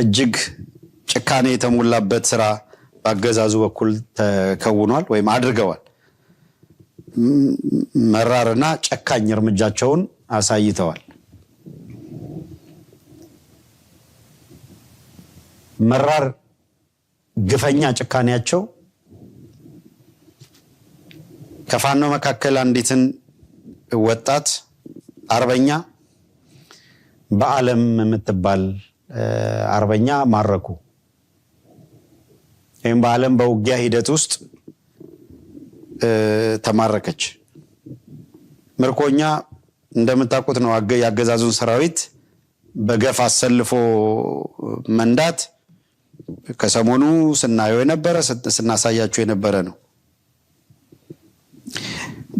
እጅግ ጭካኔ የተሞላበት ስራ በአገዛዙ በኩል ተከውኗል ወይም አድርገዋል። መራርና ጨካኝ እርምጃቸውን አሳይተዋል። መራር ግፈኛ ጭካኔያቸው ከፋኖ መካከል አንዲትን ወጣት አርበኛ በዓለም የምትባል አርበኛ ማረኩ። ይህም በዓለም በውጊያ ሂደት ውስጥ ተማረከች። ምርኮኛ እንደምታውቁት ነው። የአገዛዙን ሰራዊት በገፍ አሰልፎ መንዳት ከሰሞኑ ስናየው የነበረ ስናሳያቸው የነበረ ነው።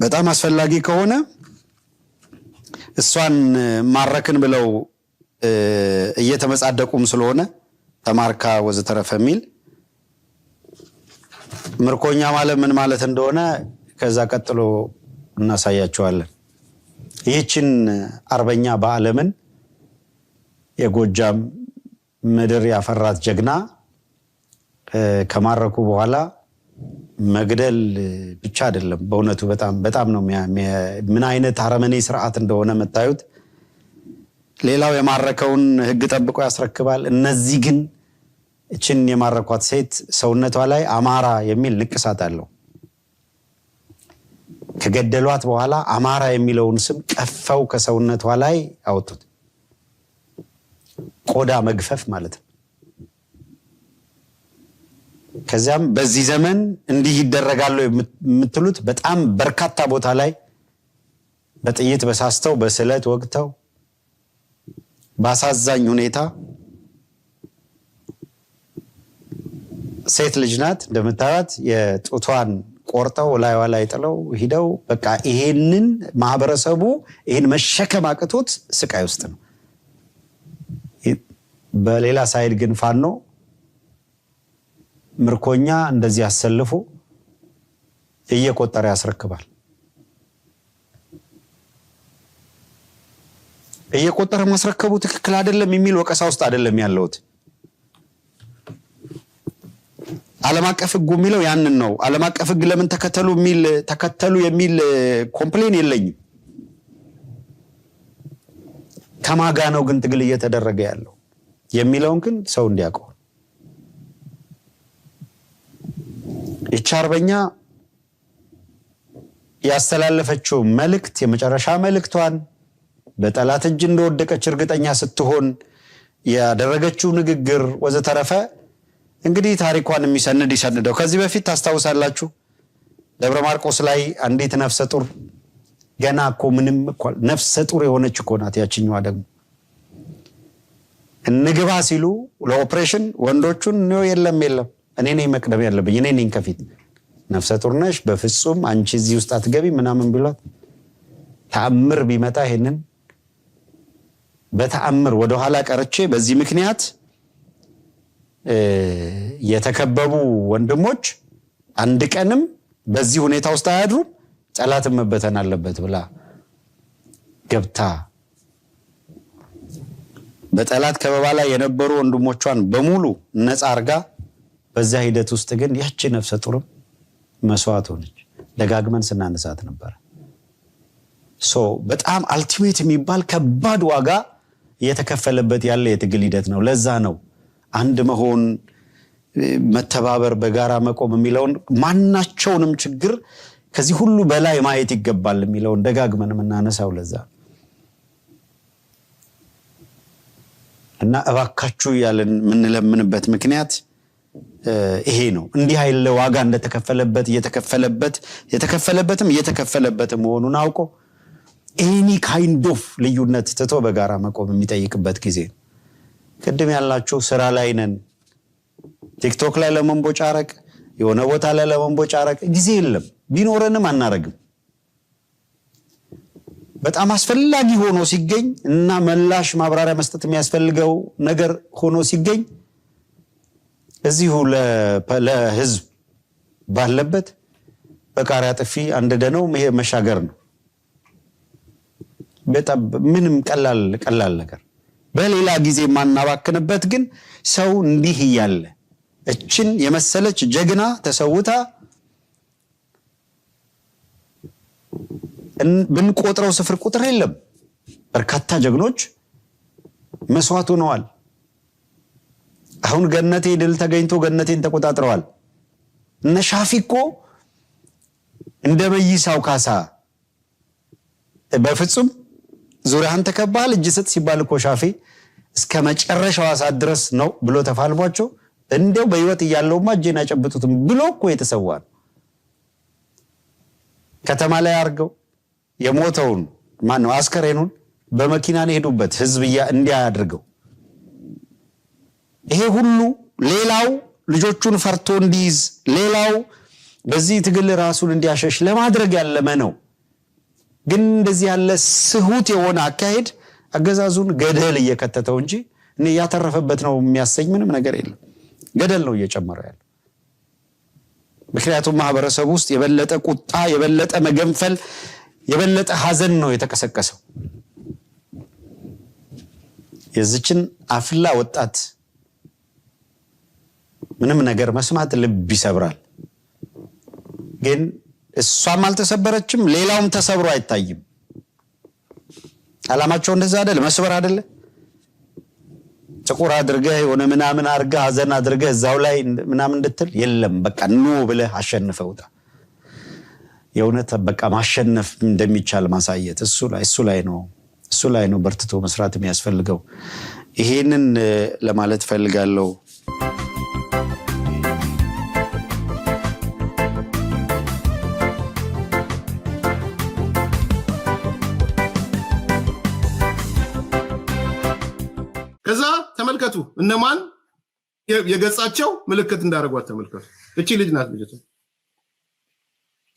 በጣም አስፈላጊ ከሆነ እሷን ማረክን ብለው እየተመጻደቁም ስለሆነ ተማርካ ወዘተረፈ የሚል ምርኮኛ ማለት ምን ማለት እንደሆነ ከዛ ቀጥሎ እናሳያቸዋለን። ይህችን አርበኛ በዓለምን የጎጃም ምድር ያፈራት ጀግና ከማረኩ በኋላ መግደል ብቻ አይደለም። በእውነቱ በጣም በጣም ነው ምን አይነት አረመኔ ስርዓት እንደሆነ የምታዩት። ሌላው የማረከውን ህግ ጠብቆ ያስረክባል። እነዚህ ግን እችን የማረኳት ሴት ሰውነቷ ላይ አማራ የሚል ንቅሳት አለው። ከገደሏት በኋላ አማራ የሚለውን ስም ቀፈው ከሰውነቷ ላይ አወጡት። ቆዳ መግፈፍ ማለት ነው። ከዚያም በዚህ ዘመን እንዲህ ይደረጋሉ የምትሉት በጣም በርካታ ቦታ ላይ በጥይት በሳስተው በስለት ወግተው በአሳዛኝ ሁኔታ ሴት ልጅ ናት እንደምታዩት፣ የጡቷን ቆርጠው ላይዋ ላይ ጥለው ሂደው በቃ ይሄንን ማህበረሰቡ ይሄን መሸከም አቅቶት ስቃይ ውስጥ ነው። በሌላ ሳይድ ግን ፋኖ ምርኮኛ እንደዚህ አሰልፎ እየቆጠረ ያስረክባል። እየቆጠረ ማስረከቡ ትክክል አይደለም የሚል ወቀሳ ውስጥ አይደለም ያለሁት። ዓለም አቀፍ ሕጉ የሚለው ያንን ነው። ዓለም አቀፍ ሕግ ለምን ተከተሉ የሚል ተከተሉ የሚል ኮምፕሌን የለኝም። ከማጋ ነው ግን ትግል እየተደረገ ያለው የሚለውን ግን ሰው እንዲያውቀው ይቺ አርበኛ ያስተላለፈችው መልእክት የመጨረሻ መልእክቷን በጠላት እጅ እንደወደቀች እርግጠኛ ስትሆን ያደረገችው ንግግር ወዘተረፈ እንግዲህ ታሪኳን የሚሰንድ ይሰንደው። ከዚህ በፊት ታስታውሳላችሁ ደብረ ማርቆስ ላይ አንዲት ነፍሰ ጡር ገና እኮ ምንም እኮ ነፍሰ ጡር የሆነች እኮ ናት። ያችኛዋ ደግሞ እንግባ ሲሉ ለኦፕሬሽን ወንዶቹን የለም የለም፣ እኔ ነኝ መቅደም ያለብኝ፣ እኔ ነኝ ከፊት። ነፍሰ ጡር ነሽ፣ በፍጹም አንቺ እዚህ ውስጥ አትገቢ ምናምን ቢሏት ተአምር ቢመጣ ይህንን በተአምር ወደኋላ ቀርቼ በዚህ ምክንያት የተከበቡ ወንድሞች አንድ ቀንም በዚህ ሁኔታ ውስጥ አያድሩም፣ ጠላትም መበተን አለበት ብላ ገብታ በጠላት ከበባ ላይ የነበሩ ወንድሞቿን በሙሉ ነፃ አርጋ በዛ ሂደት ውስጥ ግን ያቺ ነፍሰ ጡርም መስዋዕት ሆነች። ደጋግመን ስናነሳት ነበረ። ሶ በጣም አልቲሜት የሚባል ከባድ ዋጋ እየተከፈለበት ያለ የትግል ሂደት ነው። ለዛ ነው አንድ መሆን፣ መተባበር፣ በጋራ መቆም የሚለውን ማናቸውንም ችግር ከዚህ ሁሉ በላይ ማየት ይገባል የሚለውን ደጋግመን የምናነሳው ለዛ እና እባካችሁ እያለን የምንለምንበት ምክንያት ይሄ ነው። እንዲህ አይለ ዋጋ እንደተከፈለበት እየተከፈለበት የተከፈለበትም እየተከፈለበት መሆኑን አውቆ ኤኒ ካይንድ ኦፍ ልዩነት ትቶ በጋራ መቆም የሚጠይቅበት ጊዜ ቅድም ያላችሁ ስራ ላይ ነን። ቲክቶክ ላይ ለመንቦጫረቅ፣ የሆነ ቦታ ላይ ለመንቦጫረቅ ጊዜ የለም። ቢኖረንም አናረግም። በጣም አስፈላጊ ሆኖ ሲገኝ እና መላሽ ማብራሪያ መስጠት የሚያስፈልገው ነገር ሆኖ ሲገኝ እዚሁ ለህዝብ ባለበት በቃሪያ ጥፊ አንድ ደነው መሻገር ነው። በጣም ምንም ቀላል ቀላል ነገር በሌላ ጊዜ የማናባክንበት ግን ሰው እንዲህ እያለ እችን የመሰለች ጀግና ተሰውታ ብንቆጥረው ስፍር ቁጥር የለም። በርካታ ጀግኖች መስዋዕት ሆነዋል። አሁን ገነቴ ድል ተገኝቶ ገነቴን ተቆጣጥረዋል። እነ ሻፊ እኮ እንደ መይሳው ካሳ በፍጹም ዙሪያህን ተከባሃል እጅ ስጥ ሲባል እኮ ሻፌ እስከ መጨረሻው አሳት ድረስ ነው ብሎ ተፋልሟቸው እንደው በህይወት እያለውማ እጄን አይጨብጡትም ብሎ እኮ የተሰዋ ነው። ከተማ ላይ አድርገው የሞተውን ማን አስከሬኑን በመኪና ነው የሄዱበት ህዝብ እንዲያ አድርገው ይሄ ሁሉ ሌላው ልጆቹን ፈርቶ እንዲይዝ ሌላው በዚህ ትግል ራሱን እንዲያሸሽ ለማድረግ ያለመ ነው። ግን እንደዚህ ያለ ስሁት የሆነ አካሄድ አገዛዙን ገደል እየከተተው እንጂ እኔ ያተረፈበት ነው የሚያሰኝ ምንም ነገር የለም። ገደል ነው እየጨመረው ያለ። ምክንያቱም ማህበረሰብ ውስጥ የበለጠ ቁጣ፣ የበለጠ መገንፈል፣ የበለጠ ሀዘን ነው የተቀሰቀሰው። የዚችን አፍላ ወጣት ምንም ነገር መስማት ልብ ይሰብራል ግን እሷም አልተሰበረችም፣ ሌላውም ተሰብሮ አይታይም። አላማቸው እንደዛ አይደል? መስበር አይደለ? ጥቁር አድርገህ የሆነ ምናምን አድርገህ ሀዘን አድርገህ እዛው ላይ ምናምን እንድትል የለም። በቃ ኖ ብለህ ውጣ። የእውነት በቃ ማሸነፍ እንደሚቻል ማሳየት እሱ ላይ እሱ ላይ ነው እሱ ላይ ነው በርትቶ መስራት የሚያስፈልገው። ይሄንን ለማለት ፈልጋለሁ። ከዛ ተመልከቱ እነማን የገጻቸው ምልክት እንዳደረጓት ተመልከቱ። እቺ ልጅ ናት። ልጅቱ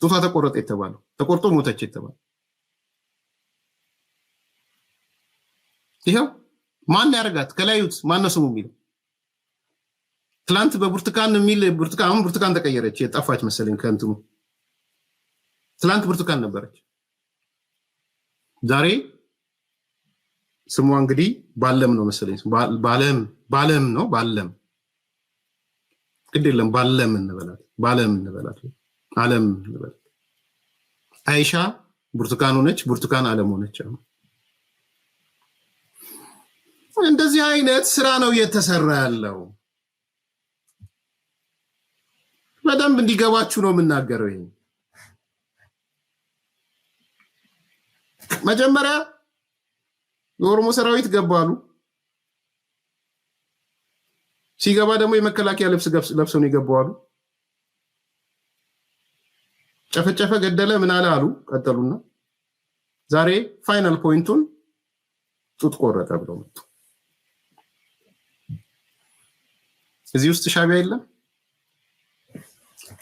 ጡቷ ተቆረጠ የተባለው ተቆርጦ ሞተች የተባለ? ይኸው ማን ያደርጋት? ከላዩት ማነው ስሙ የሚለው ትላንት በብርቱካን የሚል ብርቱካን፣ አሁን ብርቱካን ተቀየረች፣ የጠፋች መሰለኝ ከእንትኑ። ትላንት ብርቱካን ነበረች ዛሬ ስሟ እንግዲህ ባለም ነው መሰለኝ። ባለም ባለም ነው ባለም ግድ የለም ባለም እንበላት፣ ባለም እንበላት፣ አለም እንበላት። አይሻ ብርቱካን ሆነች፣ ብርቱካን አለም ሆነች። እንደዚህ አይነት ስራ ነው እየተሰራ ያለው። በደንብ እንዲገባችሁ ነው የምናገረው። ይሄ መጀመሪያ የኦሮሞ ሰራዊት ገባሉ። ሲገባ ደግሞ የመከላከያ ልብስ ለብሰው ነው የገባዋሉ። ጨፈጨፈ፣ ገደለ፣ ምን አለ አሉ። ቀጠሉና ዛሬ ፋይናል ፖይንቱን ጡት ቆረጠ ብለው መጡ። እዚህ ውስጥ ሻቢያ የለም፣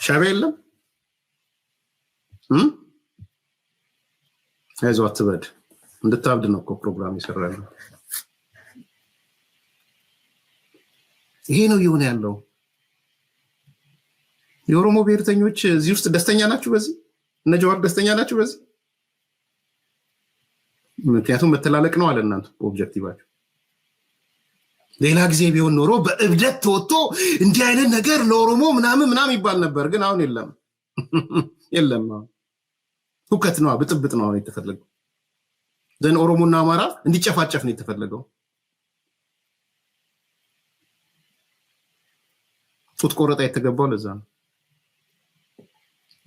ሻቢያ የለም። አይዞህ አትበድ። እንድታብድ ነው እኮ ፕሮግራም የሰራ ያለው። ይሄ ነው እየሆነ ያለው። የኦሮሞ ብሔርተኞች እዚህ ውስጥ ደስተኛ ናችሁ? በዚህ እነ ጀዋር ደስተኛ ናችሁ? በዚህ ምክንያቱም መተላለቅ ነው አለ እናንተ ኦብጀክቲቫችሁ። ሌላ ጊዜ ቢሆን ኖሮ በእብደት ተወጥቶ እንዲህ አይነት ነገር ለኦሮሞ ምናምን ምናምን ይባል ነበር። ግን አሁን የለም የለም። ሁከት ነዋ፣ ብጥብጥ ነው አሁን የተፈለገው። ዘን ኦሮሞና አማራ እንዲጨፋጨፍ ነው የተፈለገው። ጡት ቆረጣ የተገባው ለዛ ነው።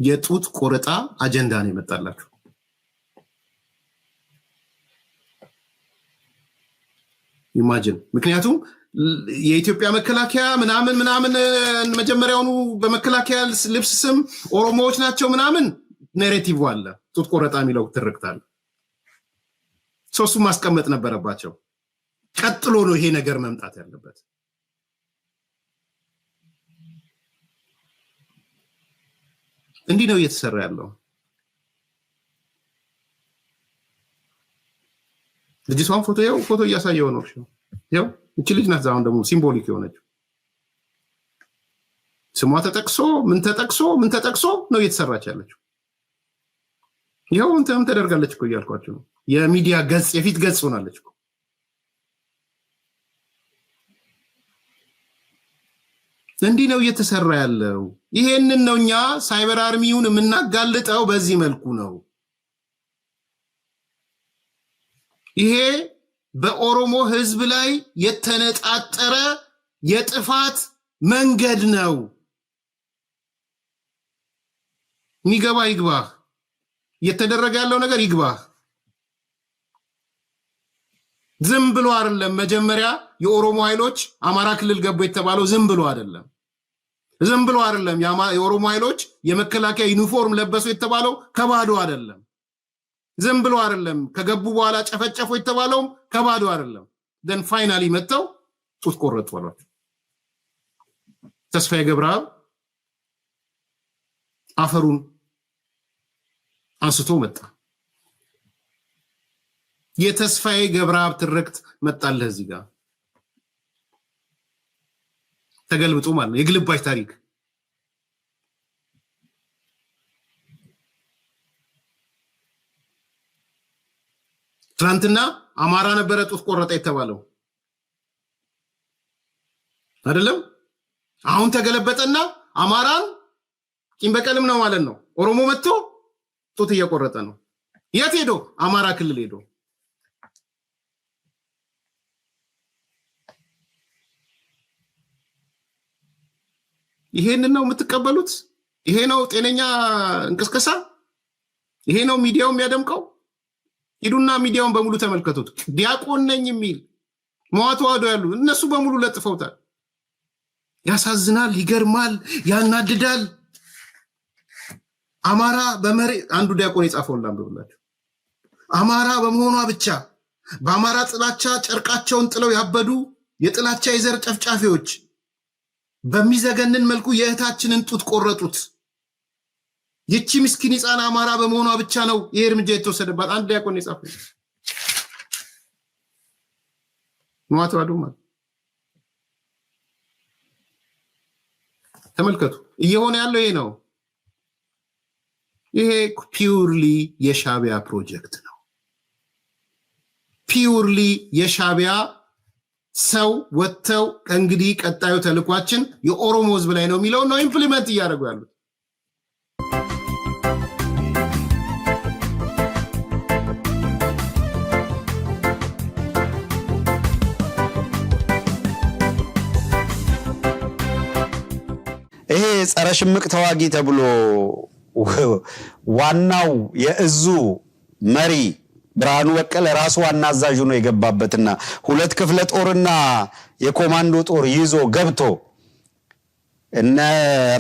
የጡት ቆረጣ አጀንዳ ነው የመጣላችሁ። ኢማጅን ምክንያቱም የኢትዮጵያ መከላከያ ምናምን ምናምን መጀመሪያውኑ በመከላከያ ልብስ ስም ኦሮሞዎች ናቸው ምናምን ኔሬቲቭ አለ። ጡት ቆረጣ የሚለው ትርክታል ሶስቱ ማስቀመጥ ነበረባቸው። ቀጥሎ ነው ይሄ ነገር መምጣት ያለበት። እንዲህ ነው እየተሰራ ያለው። ልጅቷን ፎቶ ያው ፎቶ እያሳየው ነው። ያው እቺ ልጅ ናት። አሁን ደግሞ ሲምቦሊክ የሆነችው ስሟ ተጠቅሶ ምን ተጠቅሶ ምን ተጠቅሶ ነው እየተሰራች ያለችው። ይኸው እንትም ተደርጋለች እኮ እያልኳቸው ነው። የሚዲያ ገጽ የፊት ገጽ ሆናለች እኮ እንዲህ ነው እየተሰራ ያለው። ይሄንን ነው እኛ ሳይበር አርሚውን የምናጋልጠው በዚህ መልኩ ነው። ይሄ በኦሮሞ ሕዝብ ላይ የተነጣጠረ የጥፋት መንገድ ነው። ሚገባ ይግባህ። እየተደረገ ያለው ነገር ይግባ። ዝም ብሎ አይደለም። መጀመሪያ የኦሮሞ ኃይሎች አማራ ክልል ገቡ የተባለው ዝም ብሎ አይደለም። ዝም ብሎ አይደለም። የኦሮሞ ኃይሎች የመከላከያ ዩኒፎርም ለበሱ የተባለው ከባዶ አይደለም። ዝም ብሎ አይደለም። ከገቡ በኋላ ጨፈጨፉ የተባለውም ከባዶ አይደለም። ደን ፋይናሊ መጥተው ጡት ቆረጡ አሏቸው። ተስፋዬ ገብረአብ አፈሩን አንስቶ መጣ። የተስፋዬ ገብረአብ ትርክት መጣለህ እዚህ ጋር ተገልብጦ ማለት ነው። የግልባጭ ታሪክ ትናንትና አማራ ነበረ ጡት ቆረጠ የተባለው አይደለም። አሁን ተገለበጠና አማራን ቂም በቀልም ነው ማለት ነው ኦሮሞ መጥቶ ጡት እየቆረጠ ነው። የት ሄዶ? አማራ ክልል ሄዶ ይሄንን ነው የምትቀበሉት? ይሄ ነው ጤነኛ እንቅስቀሳ? ይሄ ነው ሚዲያው የሚያደምቀው? ሂዱና ሚዲያውን በሙሉ ተመልከቱት። ዲያቆን ነኝ የሚል መዋተዋዶ ያሉ እነሱ በሙሉ ለጥፈውታል። ያሳዝናል፣ ይገርማል፣ ያናድዳል። አማራ በመሬ አንዱ ዲያቆን የጻፈውን ላንብብላችሁ። አማራ በመሆኗ ብቻ በአማራ ጥላቻ ጨርቃቸውን ጥለው ያበዱ የጥላቻ የዘር ጨፍጫፊዎች በሚዘገንን መልኩ የእህታችንን ጡት ቆረጡት። ይቺ ምስኪን ሕፃን አማራ በመሆኗ ብቻ ነው ይሄ እርምጃ የተወሰደባት። አንድ ዲያቆን የጻፈው ነዋት ተመልከቱ፣ እየሆነ ያለው ይሄ ነው። ይሄ ፒውርሊ የሻቢያ ፕሮጀክት ነው። ፒውርሊ የሻቢያ ሰው ወጥተው እንግዲህ ቀጣዩ ተልኳችን የኦሮሞ ህዝብ ላይ ነው የሚለውን ነው ኢምፕሊመንት እያደረጉ ያሉት። ይሄ ጸረ ሽምቅ ተዋጊ ተብሎ ዋናው የእዙ መሪ ብርሃኑ በቀለ ራሱ ዋና አዛዥ ነው የገባበትና ሁለት ክፍለ ጦርና የኮማንዶ ጦር ይዞ ገብቶ እነ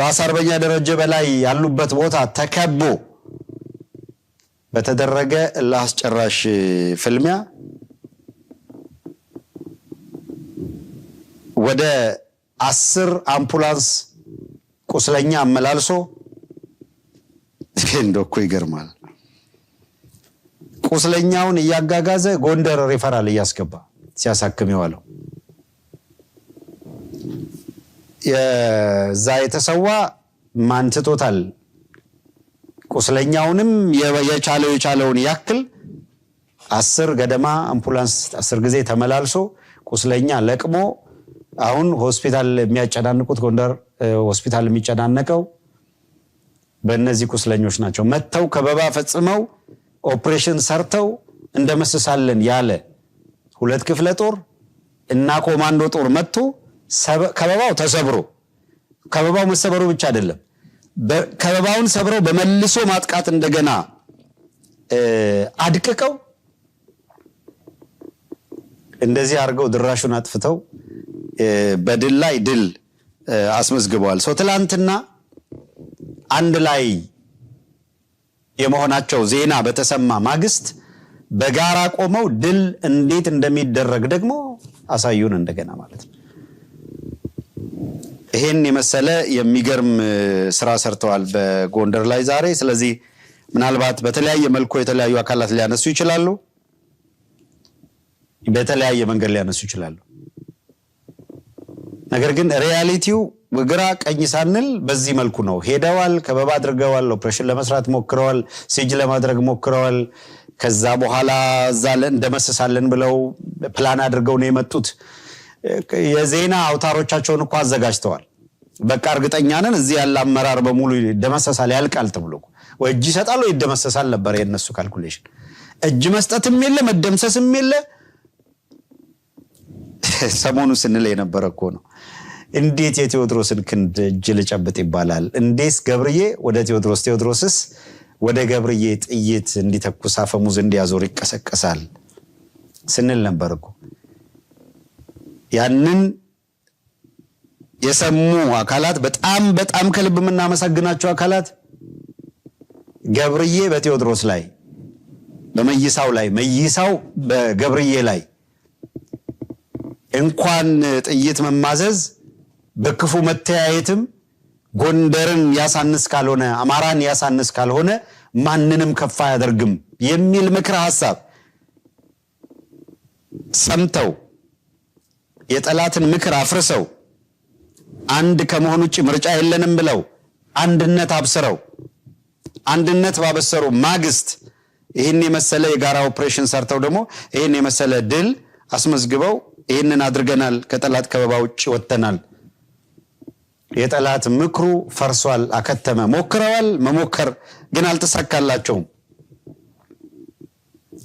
ራስ አርበኛ ደረጀ በላይ ያሉበት ቦታ ተከቦ በተደረገ እልህ ፍልሚያ ወደ አስር አምቡላንስ ቁስለኛ አመላልሶ እንደ እኮ ይገርማል። ቁስለኛውን እያጋጋዘ ጎንደር ሪፈራል እያስገባ ሲያሳክም የዋለው የዛ የተሰዋ ማን ትቶታል። ቁስለኛውንም የቻለው የቻለውን ያክል አስር ገደማ አምቡላንስ አስር ጊዜ ተመላልሶ ቁስለኛ ለቅሞ አሁን ሆስፒታል የሚያጨናንቁት ጎንደር ሆስፒታል የሚጨናነቀው በእነዚህ ቁስለኞች ናቸው መጥተው ከበባ ፈጽመው ኦፕሬሽን ሰርተው እንደመስሳለን ያለ ሁለት ክፍለ ጦር እና ኮማንዶ ጦር መጥቶ ከበባው ተሰብሮ ከበባው መሰበሩ ብቻ አይደለም፣ ከበባውን ሰብረው በመልሶ ማጥቃት እንደገና አድቅቀው እንደዚህ አድርገው ድራሹን አጥፍተው በድል ላይ ድል አስመዝግበዋል። ሰው ትላንትና አንድ ላይ የመሆናቸው ዜና በተሰማ ማግስት በጋራ ቆመው ድል እንዴት እንደሚደረግ ደግሞ አሳዩን እንደገና ማለት ነው። ይሄን የመሰለ የሚገርም ስራ ሰርተዋል በጎንደር ላይ ዛሬ። ስለዚህ ምናልባት በተለያየ መልኩ የተለያዩ አካላት ሊያነሱ ይችላሉ፣ በተለያየ መንገድ ሊያነሱ ይችላሉ። ነገር ግን ሪያሊቲው ግራ ቀኝ ሳንል በዚህ መልኩ ነው ሄደዋል። ከበባ አድርገዋል። ኦፕሬሽን ለመስራት ሞክረዋል። ሲጅ ለማድረግ ሞክረዋል። ከዛ በኋላ እዛ እንደመስሳለን ብለው ፕላን አድርገው ነው የመጡት። የዜና አውታሮቻቸውን እኮ አዘጋጅተዋል። በቃ እርግጠኛ ነን እዚህ ያለ አመራር በሙሉ ይደመሰሳል፣ ያልቃል ተብሎ ወይ እጅ ይሰጣል ወይ ይደመሰሳል ነበር የነሱ ካልኩሌሽን። እጅ መስጠትም የለ መደምሰስም የለ። ሰሞኑ ስንል የነበረ እኮ ነው። እንዴት የቴዎድሮስን ክንድ እጅ ልጨብጥ ይባላል? እንዴት ገብርዬ ወደ ቴዎድሮስ፣ ቴዎድሮስስ ወደ ገብርዬ ጥይት እንዲተኩስ አፈሙዝ እንዲያዞር ይቀሰቀሳል ስንል ነበር እኮ። ያንን የሰሙ አካላት በጣም በጣም ከልብ የምናመሰግናቸው አካላት ገብርዬ በቴዎድሮስ ላይ በመይሳው ላይ መይሳው በገብርዬ ላይ እንኳን ጥይት መማዘዝ በክፉ መተያየትም ጎንደርን ያሳንስ ካልሆነ አማራን ያሳንስ ካልሆነ ማንንም ከፍ አያደርግም የሚል ምክረ ሀሳብ ሰምተው የጠላትን ምክር አፍርሰው አንድ ከመሆን ውጭ ምርጫ የለንም ብለው አንድነት አብስረው አንድነት ባበሰሩ ማግስት ይህን የመሰለ የጋራ ኦፕሬሽን ሰርተው ደግሞ ይህን የመሰለ ድል አስመዝግበው ይህንን አድርገናል፣ ከጠላት ከበባ ውጭ ወጥተናል የጠላት ምክሩ ፈርሷል፣ አከተመ። ሞክረዋል፣ መሞከር ግን አልተሳካላቸውም።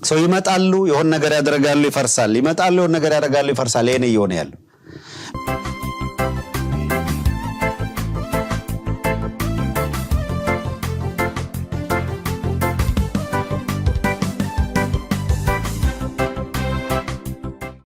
ሰው ይመጣሉ፣ የሆን ነገር ያደርጋሉ፣ ይፈርሳል። ይመጣሉ፣ የሆን ነገር ያደርጋሉ፣ ይፈርሳል። ይሄን እየሆነ ያለው